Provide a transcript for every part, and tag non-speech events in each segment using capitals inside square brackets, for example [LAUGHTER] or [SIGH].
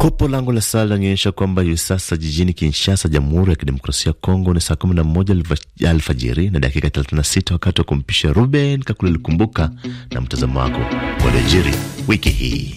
Kopo langu la saa linaonyesha kwamba hivi sasa jijini Kinshasa, Jamhuri ya Kidemokrasia ya Kongo ni saa 11 alfajiri na dakika 36, wakati wa kumpisha Ruben Kakule Likumbuka na mtazamo wako waliojiri wiki hii.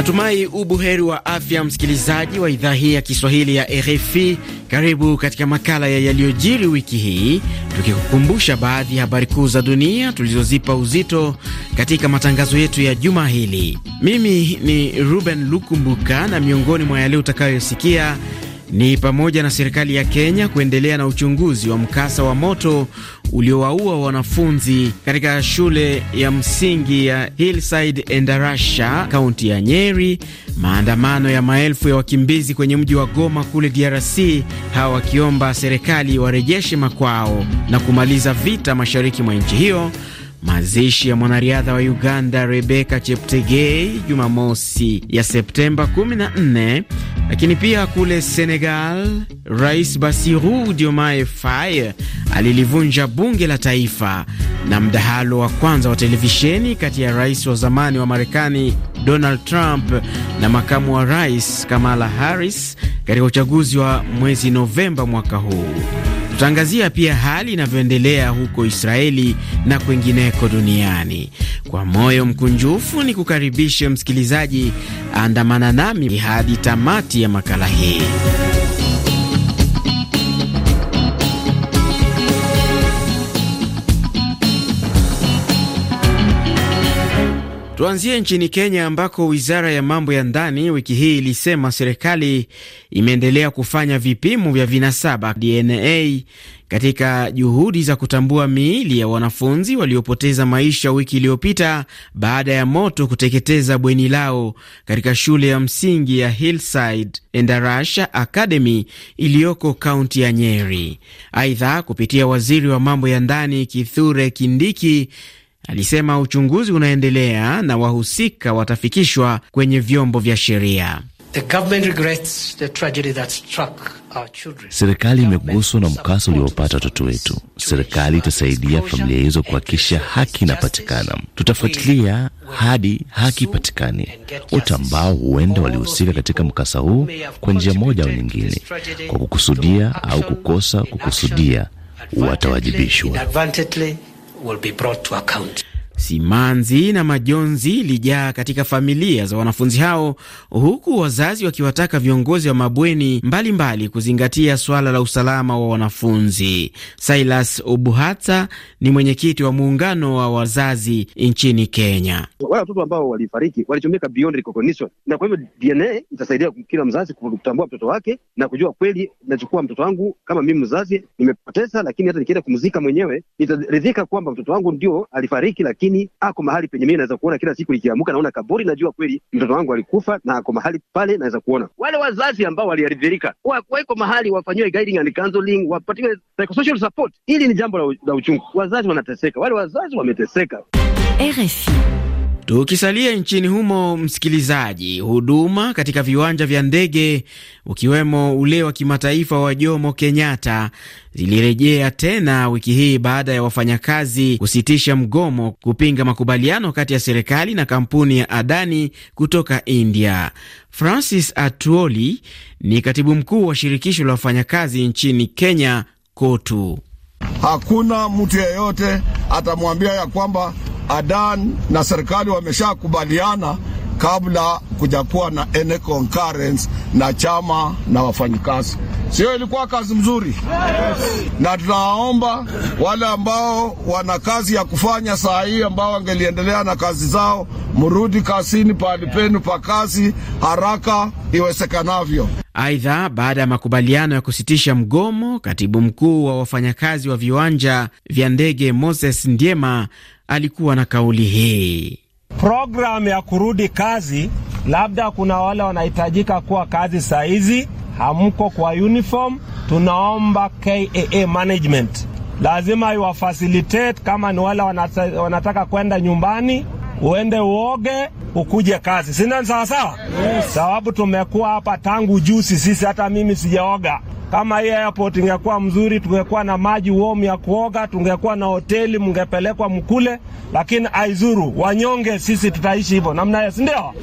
Natumai ubuheri wa afya, msikilizaji wa idhaa hii ya Kiswahili ya RFI. Karibu katika makala ya yaliyojiri wiki hii, tukikukumbusha baadhi ya habari kuu za dunia tulizozipa uzito katika matangazo yetu ya juma hili. Mimi ni Ruben Lukumbuka, na miongoni mwa yale utakayosikia ni pamoja na serikali ya Kenya kuendelea na uchunguzi wa mkasa wa moto uliowaua wanafunzi katika shule ya msingi ya Hillside Endarasha, kaunti ya Nyeri. Maandamano ya maelfu ya wakimbizi kwenye mji wa Goma kule DRC, hawa wakiomba serikali warejeshe makwao na kumaliza vita mashariki mwa nchi hiyo. Mazishi ya mwanariadha wa Uganda Rebecca Cheptegei Jumamosi ya Septemba 14. Lakini pia kule Senegal, Rais Bassirou Diomaye Faye alilivunja bunge la taifa, na mdahalo wa kwanza wa televisheni kati ya rais wa zamani wa Marekani Donald Trump na makamu wa rais Kamala Harris katika uchaguzi wa mwezi Novemba mwaka huu. Tutaangazia pia hali inavyoendelea huko Israeli na kwengineko duniani. Kwa moyo mkunjufu ni kukaribishe msikilizaji, andamana nami hadi tamati ya makala hii. Tuanzie nchini Kenya ambako wizara ya mambo ya ndani wiki hii ilisema serikali imeendelea kufanya vipimo vya vinasaba DNA katika juhudi za kutambua miili ya wanafunzi waliopoteza maisha wiki iliyopita baada ya moto kuteketeza bweni lao katika shule ya msingi ya Hillside Endarasha Academy iliyoko kaunti ya Nyeri. Aidha, kupitia waziri wa mambo ya ndani Kithure Kindiki Alisema uchunguzi unaendelea na wahusika watafikishwa kwenye vyombo vya sheria. Serikali imeguswa na mkasa uliopata watoto wetu. Serikali itasaidia familia hizo kuhakikisha haki inapatikana. Tutafuatilia hadi haki ipatikane. Wote ambao huenda walihusika katika mkasa huu kwa njia moja au nyingine, kwa kukusudia au kukosa kukusudia, watawajibishwa. will be brought to account. Simanzi na majonzi ilijaa katika familia za wanafunzi hao, huku wazazi wakiwataka viongozi wa mabweni mbalimbali mbali kuzingatia suala la usalama wa wanafunzi. Silas Obuhata ni mwenyekiti wa muungano wa wazazi nchini Kenya. Wale watoto ambao walifariki walichomeka beyond recognition, na kwa hivyo DNA itasaidia kila mzazi kutambua mtoto wake na kujua kweli, nachukua mtoto wangu kama mimi mzazi nimepoteza, lakini hata nikienda kumzika mwenyewe nitaridhika kwamba mtoto wangu ndio alifariki, lakini nini, ako mahali penye mimi naweza kuona kila siku nikiamka, naona kaburi, najua kweli mtoto wangu alikufa, na ako mahali pale naweza kuona. Wale wazazi ambao waliaridhirika wako mahali wafanyiwe guiding and counseling, wapatiwe psychosocial support. Hili ni jambo la uchungu, wazazi wanateseka, wale wazazi wameteseka. RFI Tukisalia nchini humo, msikilizaji, huduma katika viwanja vya ndege ukiwemo ule wa kimataifa wa Jomo Kenyatta zilirejea tena wiki hii baada ya wafanyakazi kusitisha mgomo kupinga makubaliano kati ya serikali na kampuni ya Adani kutoka India. Francis Atuoli ni katibu mkuu wa shirikisho la wafanyakazi nchini Kenya, KOTU. Hakuna mtu yeyote atamwambia ya kwamba Adan na serikali wameshakubaliana kabla kujakuwa na any concurrence na chama na wafanyikazi. Sio, ilikuwa kazi mzuri yes. Na tunaomba wale ambao wana kazi ya kufanya saa hii ambao wangeliendelea na kazi zao, mrudi kazini pahali penu pa kazi haraka iwezekanavyo. Aidha, baada ya makubaliano ya kusitisha mgomo, katibu mkuu wa wafanyakazi wa viwanja vya ndege Moses Ndiema alikuwa na kauli hii: programu ya kurudi kazi, labda kuna wale wanahitajika kuwa kazi saa hizi hamko kwa uniform, tunaomba KAA management lazima iwafacilitate kama ni wale wanataka kwenda nyumbani uende uoge ukuje kazi, si ndio? Sawasawa, yes. Sababu tumekuwa hapa tangu juzi sisi, hata mimi sijaoga, kama hii airport ingekuwa mzuri, tungekuwa na maji warm ya kuoga, tungekuwa na hoteli, mngepelekwa mkule, lakini aizuru wanyonge, sisi tutaishi hivyo namna hiyo, si ndio?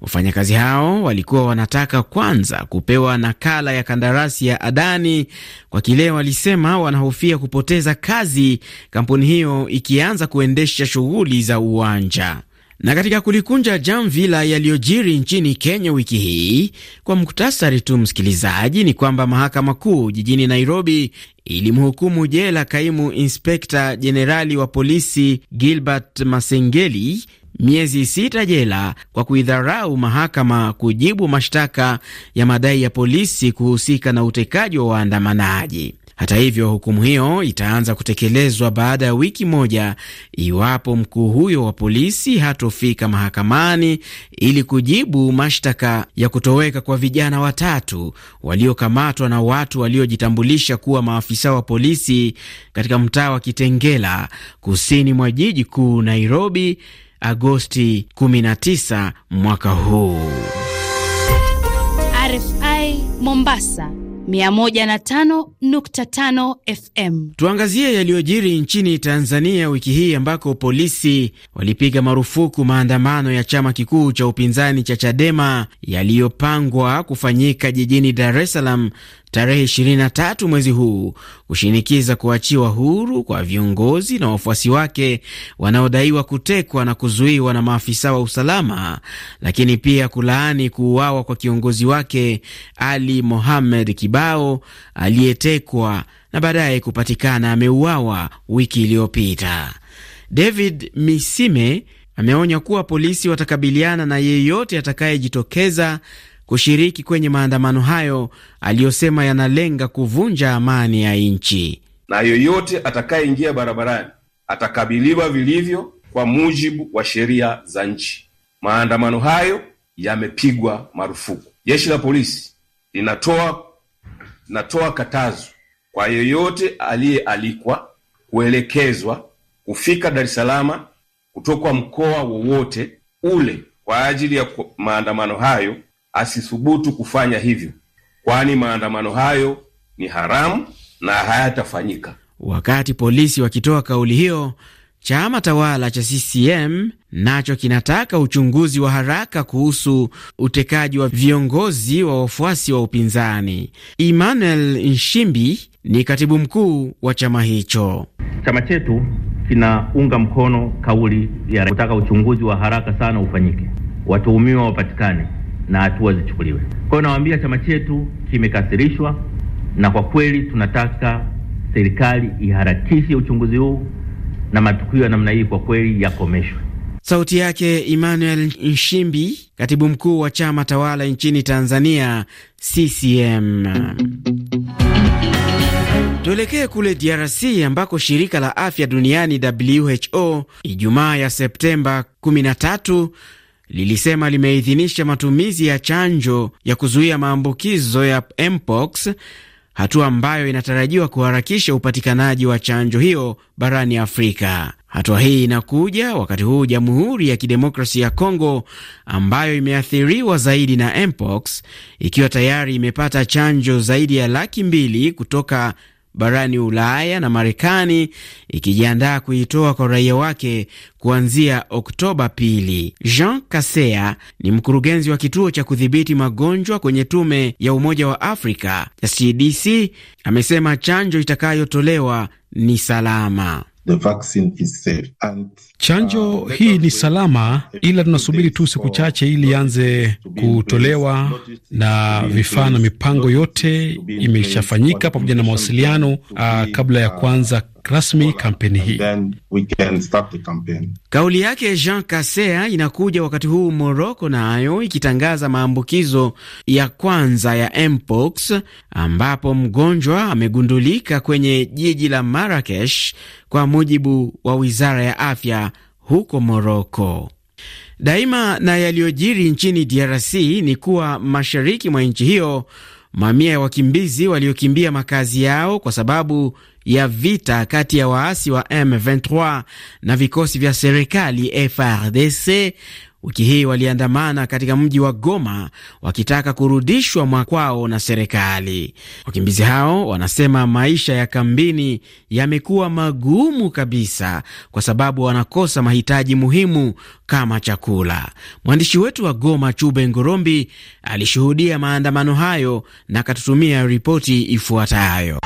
Wafanyakazi hao walikuwa wanataka kwanza kupewa nakala ya kandarasi ya Adani kwa kile walisema wanahofia kupoteza kazi, kampuni hiyo ikianza kuendesha shughuli za uwanja. Na katika kulikunja jamvi la yaliyojiri nchini Kenya wiki hii, kwa muktasari tu msikilizaji, ni kwamba mahakama kuu jijini Nairobi ilimhukumu jela kaimu inspekta jenerali wa polisi Gilbert Masengeli miezi sita jela kwa kuidharau mahakama kujibu mashtaka ya madai ya polisi kuhusika na utekaji wa waandamanaji. Hata hivyo, hukumu hiyo itaanza kutekelezwa baada ya wiki moja iwapo mkuu huyo wa polisi hatofika mahakamani ili kujibu mashtaka ya kutoweka kwa vijana watatu waliokamatwa na watu waliojitambulisha kuwa maafisa wa polisi katika mtaa wa Kitengela kusini mwa jiji kuu Nairobi Agosti 19 mwaka huu. RFI Mombasa 105.5 FM. Tuangazie yaliyojiri nchini Tanzania wiki hii ambako polisi walipiga marufuku maandamano ya chama kikuu cha upinzani cha Chadema yaliyopangwa kufanyika jijini Dar es Salaam tarehe 23 mwezi huu kushinikiza kuachiwa huru kwa viongozi na wafuasi wake wanaodaiwa kutekwa na kuzuiwa na maafisa wa usalama, lakini pia kulaani kuuawa kwa kiongozi wake Ali Mohamed Kibao aliyetekwa na baadaye kupatikana ameuawa wiki iliyopita. David Misime ameonya kuwa polisi watakabiliana na yeyote atakayejitokeza kushiriki kwenye maandamano hayo aliyosema yanalenga kuvunja amani ya nchi. Na yoyote atakayeingia barabarani atakabiliwa vilivyo kwa mujibu wa sheria za nchi. Maandamano hayo yamepigwa marufuku. Jeshi la polisi linatoa natoa katazo kwa yoyote aliyealikwa, kuelekezwa kufika Dar es Salaam kutoka mkoa wowote ule kwa ajili ya maandamano hayo asithubutu kufanya hivyo, kwani maandamano hayo ni haramu na hayatafanyika. Wakati polisi wakitoa kauli hiyo, chama tawala cha CCM nacho kinataka uchunguzi wa haraka kuhusu utekaji wa viongozi wa wafuasi wa upinzani. Emmanuel Nshimbi ni katibu mkuu wa chama hicho. Chama chetu kinaunga mkono kauli ya kutaka uchunguzi wa haraka sana ufanyike, watuhumiwa wapatikane na hatua zichukuliwe. Kwa hiyo nawaambia chama chetu kimekasirishwa, na kwa kweli tunataka serikali iharakishe uchunguzi huu na matukio ya namna hii kwa kweli yakomeshwe. Sauti yake Emmanuel Nshimbi, katibu mkuu wa chama tawala nchini Tanzania, CCM. Tuelekee kule DRC ambako shirika la afya duniani WHO Ijumaa ya Septemba 13 lilisema limeidhinisha matumizi ya chanjo ya kuzuia maambukizo ya mpox, hatua ambayo inatarajiwa kuharakisha upatikanaji wa chanjo hiyo barani Afrika. Hatua hii inakuja wakati huu Jamhuri ya Kidemokrasi ya Kongo ambayo imeathiriwa zaidi na mpox ikiwa tayari imepata chanjo zaidi ya laki mbili kutoka barani Ulaya na Marekani ikijiandaa kuitoa kwa raia wake kuanzia Oktoba pili. Jean Kasea ni mkurugenzi wa kituo cha kudhibiti magonjwa kwenye tume ya Umoja wa Afrika ya CDC, amesema chanjo itakayotolewa ni salama. The vaccine is safe. And, uh, chanjo hii ni salama, ila tunasubiri tu siku chache ili ianze kutolewa, na vifaa na mipango yote imeshafanyika pamoja na mawasiliano uh, kabla ya uh, kuanza rasmi kampeni hii. Kauli yake Jean Kasea inakuja wakati huu Moroko nayo na ikitangaza maambukizo ya kwanza ya mpox, ambapo mgonjwa amegundulika kwenye jiji la Marakesh kwa mujibu wa wizara ya afya huko Moroko. Daima na yaliyojiri nchini DRC ni kuwa mashariki mwa nchi hiyo Mamia ya wakimbizi waliokimbia makazi yao kwa sababu ya vita kati ya waasi wa M23 na vikosi vya serikali frdc wiki hii waliandamana katika mji wa Goma wakitaka kurudishwa mwakwao na serikali. Wakimbizi hao wanasema maisha ya kambini yamekuwa magumu kabisa, kwa sababu wanakosa mahitaji muhimu kama chakula. Mwandishi wetu wa Goma, Chube Ngorombi, alishuhudia maandamano hayo na akatutumia ripoti ifuatayo.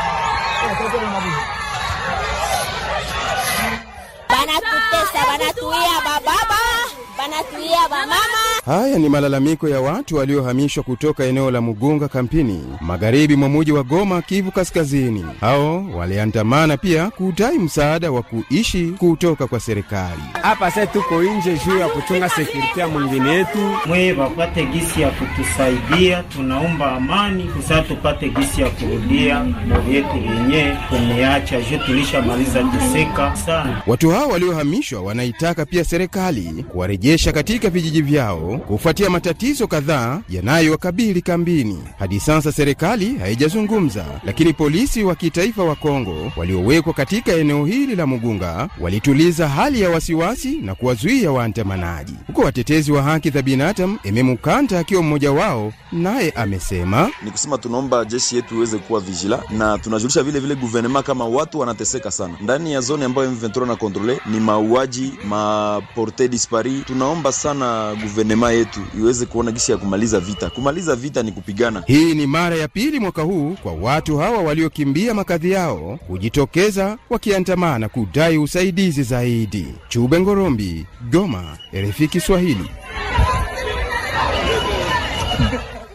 mamá. Haya ni malalamiko ya watu waliohamishwa kutoka eneo la Mugunga kampini, magharibi mwa muji wa Goma, Kivu Kaskazini. Hao waliandamana pia kutai msaada wa kuishi kutoka kwa serikali. Hapa se tuko nje juu ya kuchunga sekurite ya mwingine yetu, mweye wapate gisi ya kutusaidia. Tunaomba amani kusaa tupate gisi ya kurudia mori yetu yenyewe kumeacha juu tulishamaliza kuseka sana. Watu hao waliohamishwa wanaitaka pia serikali kuwarejesha katika vijiji vyao kufuatia matatizo kadhaa yanayowakabili kambini. Hadi sasa serikali haijazungumza, lakini polisi wa kitaifa wa Kongo waliowekwa katika eneo hili la Mugunga walituliza hali ya wasiwasi na kuwazuia waandamanaji. Huko watetezi wa haki za binadamu Ememukanta akiwa mmoja wao, naye amesema ni kusema, tunaomba jeshi yetu iweze kuwa vigila na tunajulisha vile vile guvernema kama watu wanateseka sana ndani ya zone ambayo M23 na kontrole ni mauaji maporte dispari. Tunaomba sana guvernema jamaa yetu iweze kuona gisi ya kumaliza vita. Kumaliza vita ni kupigana. Hii ni mara ya pili mwaka huu kwa watu hawa waliokimbia makazi yao kujitokeza wakiandamana kudai usaidizi zaidi. Chube Ngorombi, Goma, RFI Kiswahili. [LAUGHS]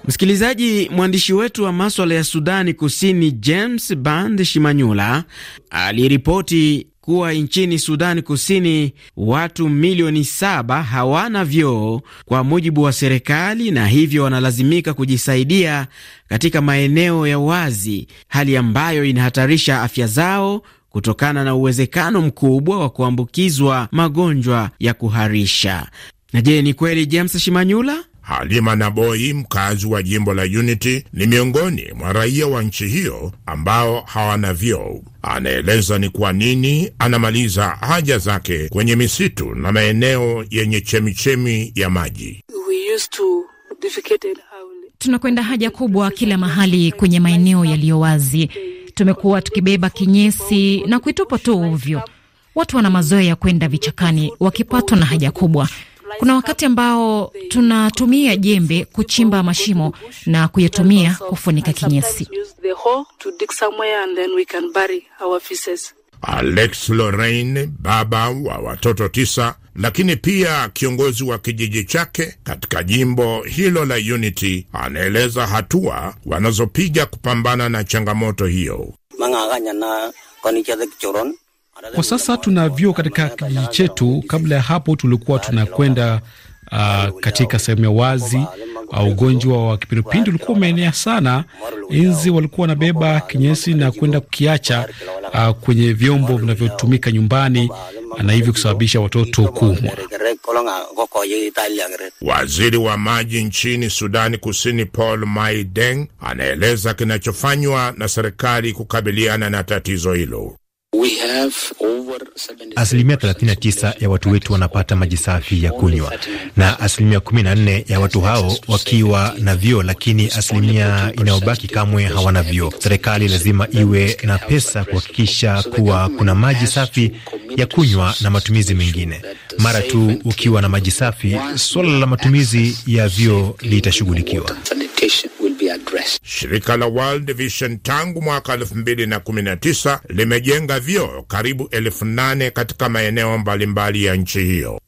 Msikilizaji, mwandishi wetu wa maswala ya Sudani Kusini James Band Shimanyula aliripoti kuwa nchini Sudani Kusini watu milioni saba hawana vyoo kwa mujibu wa serikali, na hivyo wanalazimika kujisaidia katika maeneo ya wazi, hali ambayo inahatarisha afya zao kutokana na uwezekano mkubwa wa kuambukizwa magonjwa ya kuharisha. Na je, ni kweli James Shimanyula? Halima Naboi, mkazi wa jimbo la Unity, ni miongoni mwa raia wa nchi hiyo ambao hawana vyoo. Anaeleza ni kwa nini anamaliza haja zake kwenye misitu na maeneo yenye chemichemi ya maji. Tunakwenda haja kubwa kila mahali kwenye maeneo yaliyo wazi. Tumekuwa tukibeba kinyesi na kuitupa tu ovyo. Watu wana mazoea ya kwenda vichakani wakipatwa na haja kubwa. Kuna wakati ambao tunatumia jembe kuchimba mashimo na kuyatumia kufunika kinyesi. Alex Lorraine, baba wa watoto tisa, lakini pia kiongozi wa kijiji chake katika jimbo hilo la Unity, anaeleza hatua wanazopiga kupambana na changamoto hiyo. Kwa sasa tuna vyuo katika kijiji chetu. Kabla ya hapo tulikuwa tunakwenda uh, katika sehemu ya wazi. Uh, ugonjwa wa kipindupindu ulikuwa umeenea sana. Nzi walikuwa wanabeba kinyesi na kwenda kukiacha uh, kwenye vyombo vinavyotumika nyumbani na hivyo kusababisha watoto kuumwa. Waziri wa maji nchini Sudani Kusini Paul Maideng, anaeleza kinachofanywa na serikali kukabiliana na tatizo hilo. Asilimia 39 ya watu wetu wanapata maji safi ya kunywa, na asilimia 14 ya watu hao wakiwa na vyoo, lakini asilimia inayobaki kamwe hawana vyoo. Serikali lazima iwe na pesa kuhakikisha kuwa kuna maji safi ya kunywa na matumizi mengine. Mara tu ukiwa na maji safi, swala la matumizi ya vyoo litashughulikiwa. Express. Shirika la World Vision tangu mwaka 2019 limejenga vyoo karibu elfu nane katika maeneo mbalimbali ya nchi hiyo.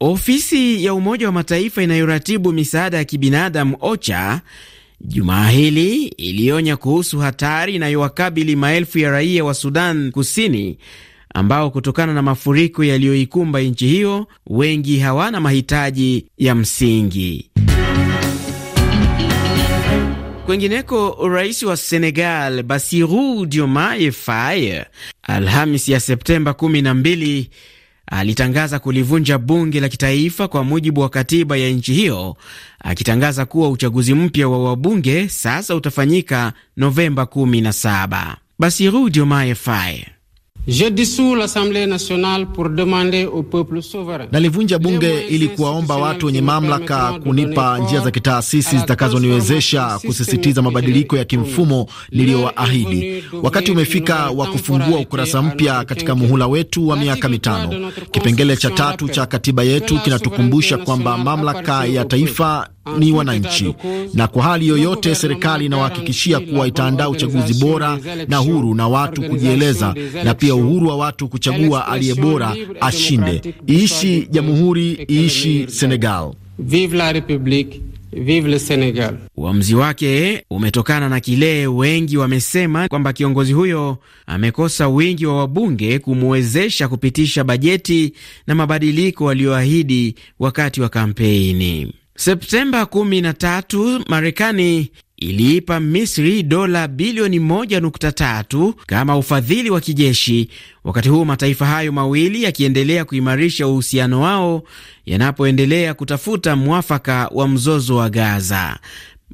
Ofisi ya Umoja wa Mataifa inayoratibu misaada ya kibinadamu OCHA Jumaa hili ilionya kuhusu hatari inayowakabili maelfu ya raia wa Sudan Kusini ambao kutokana na mafuriko yaliyoikumba nchi hiyo wengi hawana mahitaji ya msingi. Kwengineko, rais wa Senegal Bassirou Diomaye Faye alhamis ya Septemba 12 alitangaza kulivunja bunge la kitaifa kwa mujibu wa katiba ya nchi hiyo, akitangaza kuwa uchaguzi mpya wa wabunge sasa utafanyika Novemba 17. Bassirou Diomaye Faye Je dissous l'Assemblée nationale pour demander au peuple souverain. Nalivunja bunge ili kuwaomba watu wenye mamlaka kunipa njia za kitaasisi zitakazoniwezesha kusisitiza mabadiliko ya kimfumo niliyowaahidi. Wakati umefika wa kufungua ukurasa mpya katika muhula wetu wa miaka mitano. Kipengele cha tatu cha katiba yetu kinatukumbusha kwamba mamlaka ya taifa ni wananchi, na kwa hali yoyote, serikali inawahakikishia kuwa itaandaa uchaguzi bora na huru na watu kujieleza na pia uhuru wa watu kuchagua aliye bora ashinde. Iishi jamhuri, iishi Senegal. Vive la republique, vive le Senegal. Uamuzi wake umetokana na kile wengi wamesema kwamba kiongozi huyo amekosa wingi wa wabunge kumwezesha kupitisha bajeti na mabadiliko aliyoahidi wakati wa kampeni. Septemba 13 Marekani iliipa Misri dola bilioni 1.3 kama ufadhili wa kijeshi, wakati huu mataifa hayo mawili yakiendelea kuimarisha uhusiano wao yanapoendelea kutafuta mwafaka wa mzozo wa Gaza.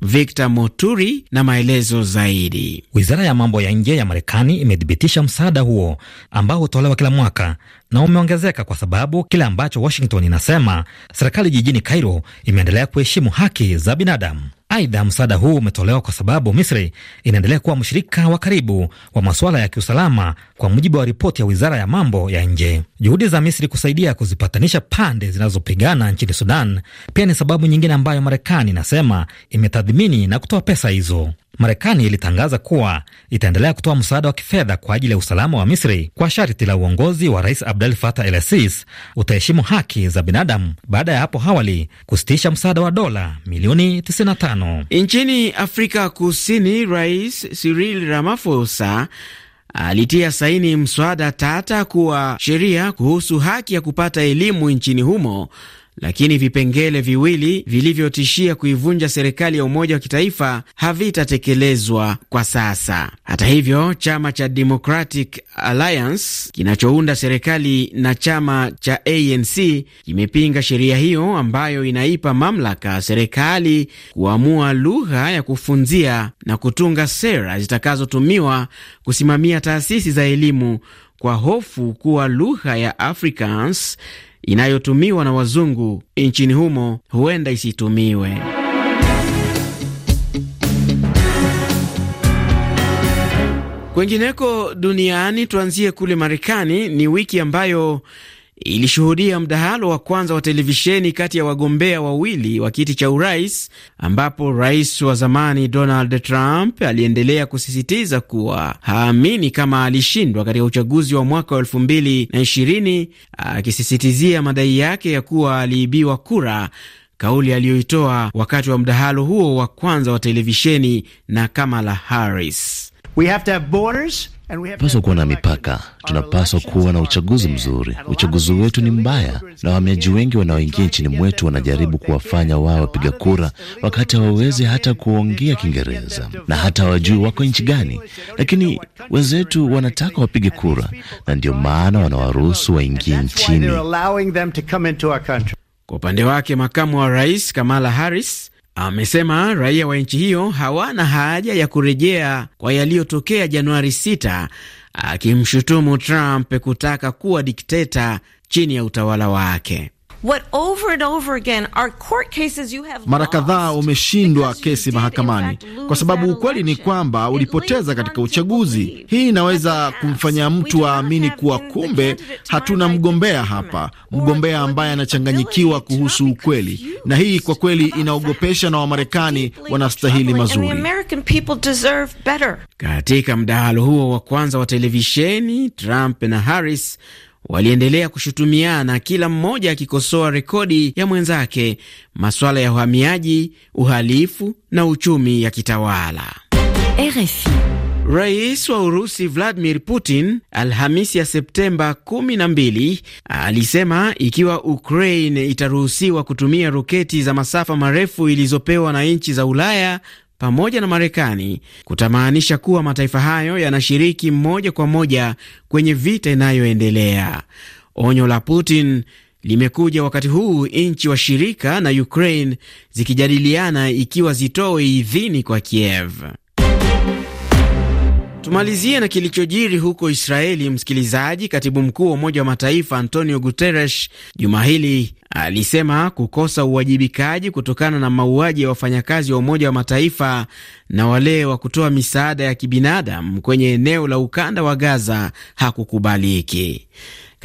Victor Moturi na maelezo zaidi. Wizara ya mambo ya nje ya Marekani imethibitisha msaada huo ambao hutolewa kila mwaka na umeongezeka kwa sababu kile ambacho Washington inasema serikali jijini Cairo imeendelea kuheshimu haki za binadamu. Aidha, msaada huu umetolewa kwa sababu Misri inaendelea kuwa mshirika wa karibu wa masuala ya kiusalama, kwa mujibu wa ripoti ya wizara ya mambo ya nje. Juhudi za Misri kusaidia kuzipatanisha pande zinazopigana nchini Sudan pia ni sababu nyingine ambayo Marekani inasema imetathmini na kutoa pesa hizo. Marekani ilitangaza kuwa itaendelea kutoa msaada wa kifedha kwa ajili ya usalama wa Misri kwa sharti la uongozi wa Rais Abdel Fattah el-Sisi utaheshimu haki za binadamu, baada ya hapo awali kusitisha msaada wa dola milioni 95. Nchini Afrika Kusini, Rais Cyril Ramaphosa alitia saini mswada tata kuwa sheria kuhusu haki ya kupata elimu nchini humo lakini vipengele viwili vilivyotishia kuivunja serikali ya umoja wa kitaifa havitatekelezwa kwa sasa. Hata hivyo, chama cha Democratic Alliance kinachounda serikali na chama cha ANC kimepinga sheria hiyo ambayo inaipa mamlaka serikali kuamua lugha ya kufunzia na kutunga sera zitakazotumiwa kusimamia taasisi za elimu kwa hofu kuwa lugha ya Afrikaans inayotumiwa na wazungu nchini humo huenda isitumiwe. Kwengineko duniani, tuanzie kule Marekani. Ni wiki ambayo ilishuhudia mdahalo wa kwanza wa televisheni kati ya wagombea wawili wa kiti cha urais, ambapo rais wa zamani Donald Trump aliendelea kusisitiza kuwa haamini kama alishindwa katika uchaguzi wa mwaka wa elfu mbili na ishirini, akisisitizia madai yake ya kuwa aliibiwa kura, kauli aliyoitoa wakati wa mdahalo huo wa kwanza wa televisheni na Kamala Harris. We have to have borders. Tunapaswa kuwa na mipaka, tunapaswa kuwa na uchaguzi mzuri. Uchaguzi wetu ni mbaya, na wahamiaji wengi wanaoingia nchini mwetu wanajaribu kuwafanya wao wapiga kura, wakati hawawezi hata kuongea Kiingereza na hata hawajui wako nchi gani, lakini wenzetu wanataka wapige kura, na ndio maana wanawaruhusu waingie nchini. Kwa upande wake, makamu wa rais Kamala Harris Amesema raia wa nchi hiyo hawana haja ya kurejea kwa yaliyotokea Januari 6, akimshutumu Trump kutaka kuwa dikteta chini ya utawala wake. Mara kadhaa umeshindwa kesi mahakamani kwa sababu ukweli ni kwamba ulipoteza katika uchaguzi. Hii inaweza kumfanya mtu aamini kuwa kumbe hatuna mgombea hapa, mgombea ambaye anachanganyikiwa kuhusu ukweli, na hii kwa kweli inaogopesha, na Wamarekani wanastahili mazuri. Katika mdahalo huo wa kwanza wa televisheni, Trump na Harris waliendelea kushutumiana, kila mmoja akikosoa rekodi ya mwenzake, masuala ya uhamiaji, uhalifu na uchumi ya kitawala. RFI. Rais wa Urusi Vladimir Putin Alhamisi ya Septemba 12 alisema ikiwa Ukraine itaruhusiwa kutumia roketi za masafa marefu ilizopewa na nchi za Ulaya pamoja na Marekani kutamaanisha kuwa mataifa hayo yanashiriki moja kwa moja kwenye vita inayoendelea. Onyo la Putin limekuja wakati huu nchi washirika na Ukraine zikijadiliana ikiwa zitoe idhini kwa Kiev. Tumalizie na kilichojiri huko Israeli, msikilizaji. Katibu mkuu wa Umoja wa Mataifa Antonio Guterres juma hili alisema kukosa uwajibikaji kutokana na mauaji ya wafanyakazi wa Umoja wa Mataifa na wale wa kutoa misaada ya kibinadamu kwenye eneo la ukanda wa Gaza hakukubaliki.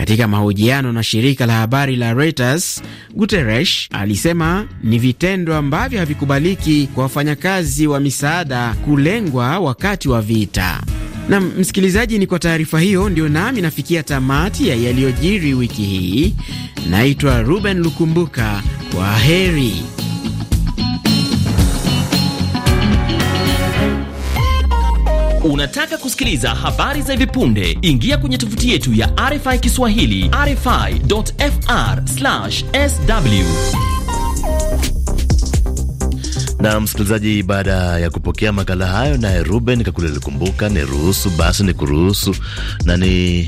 Katika mahojiano na shirika la habari la Reuters, Guterres alisema ni vitendo ambavyo havikubaliki kwa wafanyakazi wa misaada kulengwa wakati wa vita. Na msikilizaji, ni kwa taarifa hiyo ndio nami nafikia tamati ya yaliyojiri wiki hii. Naitwa Ruben Lukumbuka, kwa heri. Unataka kusikiliza habari za hivi punde? Ingia kwenye tovuti yetu ya RFI Kiswahili, rfi.fr/sw. Na msikilizaji, baada ya kupokea makala hayo, naye Ruben Kakule ni niruhusu basi, ni kuruhusu na ni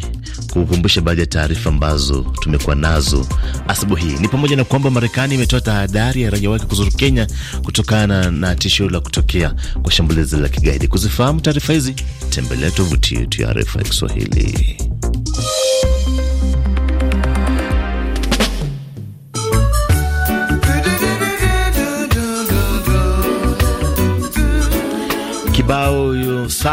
kukumbusha baadhi ya taarifa ambazo tumekuwa nazo asubuhi hii ni pamoja na kwamba Marekani imetoa tahadhari ya raia wake kuzuru Kenya kutokana na tishio la kutokea kwa shambulizi la kigaidi. Kuzifahamu taarifa hizi, tembelea tovuti yetu ya RFI Kiswahili.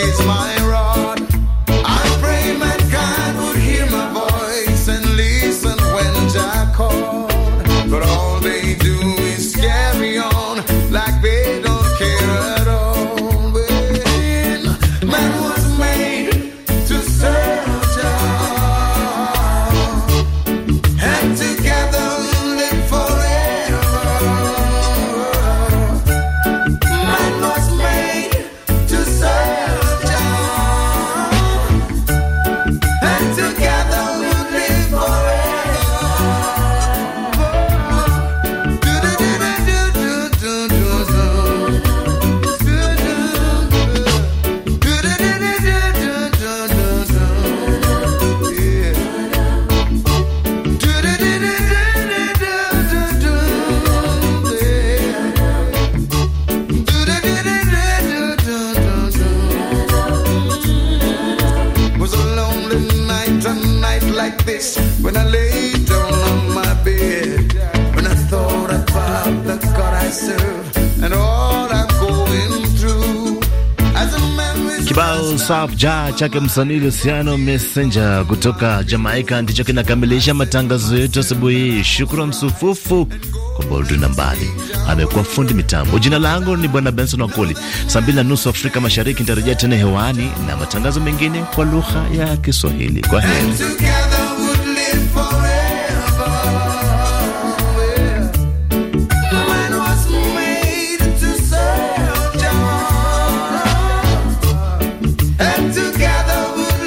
is my like this when I lay down on my bed. When I thought about the God I serve and all I'm going through. Kibao saf ja chake msanii Luciano Messenger kutoka Jamaika ndicho kinakamilisha matangazo yetu asubuhi. Shukran sufufu kwako na mbali amekuwa fundi mitambo. Jina langu ni Bwana Benson Wakoli. Saa mbili na nusu Afrika Mashariki nitarejea tena hewani na matangazo mengine kwa lugha ya Kiswahili. Kwa heri.